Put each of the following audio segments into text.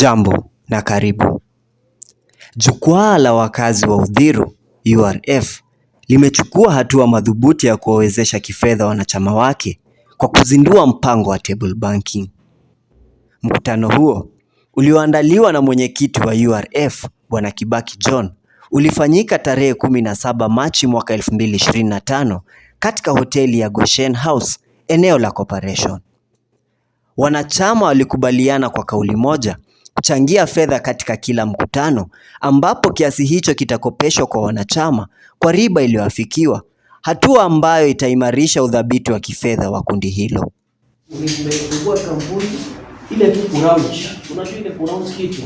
jambo na karibu. Jukwaa la wakazi wa Uthiru URF limechukua hatua madhubuti ya kuwawezesha kifedha wanachama wake kwa kuzindua mpango wa table banking. Mkutano huo ulioandaliwa na mwenyekiti wa URF Bwana Kibaki John ulifanyika tarehe 17 Machi mwaka 2025 katika hoteli ya Goshen House eneo la Corporation. Wanachama walikubaliana kwa kauli moja kuchangia fedha katika kila mkutano ambapo kiasi hicho kitakopeshwa kwa wanachama kwa riba iliyoafikiwa, hatua ambayo itaimarisha udhabiti wa kifedha wa kundi hilo. Umefungua kampuni ile tu unajua ile kitu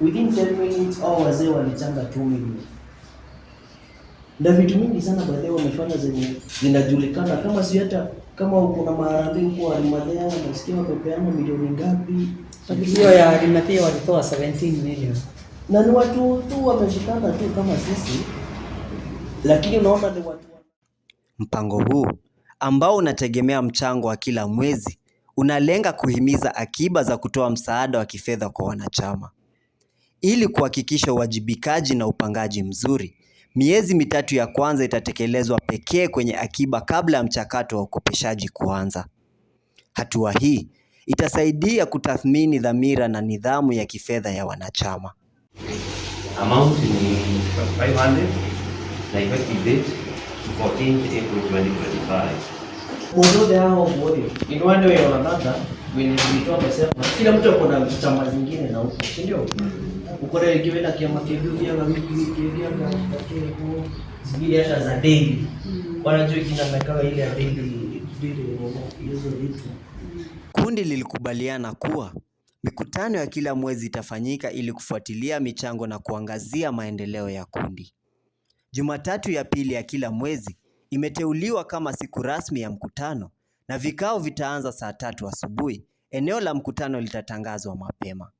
within 10 minutes au wazee walichanga 2 million na vitu mingi sana baadaye wamefanya zenye zinajulikana kama si hata kama kuna maharambee huko alimadhea nasikia wamepeana milioni ngapi hiyo ya Arimathea walitoa 17 million na ni watu tu wameshikana tu kama sisi, lakini unaona ni watu. Mpango huu ambao unategemea mchango wa kila mwezi unalenga kuhimiza akiba za kutoa msaada wa kifedha kwa wanachama ili kuhakikisha uwajibikaji na upangaji mzuri. Miezi mitatu ya kwanza itatekelezwa pekee kwenye akiba kabla ya mchakato wa ukopeshaji kuanza. Hatua hii itasaidia kutathmini dhamira na nidhamu ya kifedha ya wanachama. Amount ni 500 na effective date 14th April 2025. In one way or another, when we talk kila mtu na chama zingine na huko, si ndio? Uko na na kiama na na zingine hata za daily. Wanajua kina ile ya daily Kundi lilikubaliana kuwa mikutano ya kila mwezi itafanyika ili kufuatilia michango na kuangazia maendeleo ya kundi. Jumatatu ya pili ya kila mwezi imeteuliwa kama siku rasmi ya mkutano na vikao vitaanza saa tatu asubuhi. Eneo la mkutano litatangazwa mapema.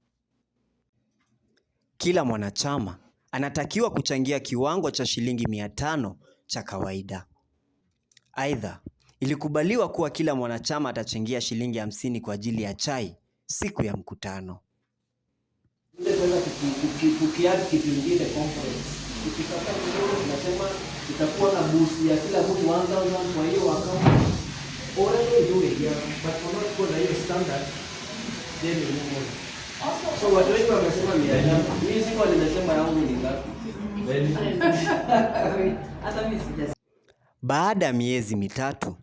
Kila mwanachama anatakiwa kuchangia kiwango cha shilingi mia tano cha kawaida. Aidha, Ilikubaliwa kuwa kila mwanachama atachangia shilingi hamsini kwa ajili ya chai siku ya mkutano. Baada ya miezi mitatu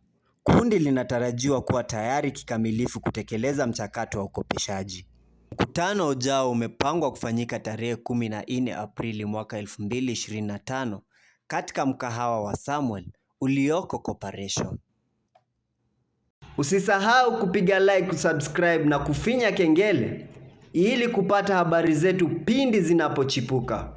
Kundi linatarajiwa kuwa tayari kikamilifu kutekeleza mchakato wa ukopeshaji. Mkutano ujao umepangwa kufanyika tarehe 14 Aprili mwaka 2025 katika mkahawa wa Samuel ulioko Corporation. Usisahau kupiga like, kusubscribe na kufinya kengele ili kupata habari zetu pindi zinapochipuka.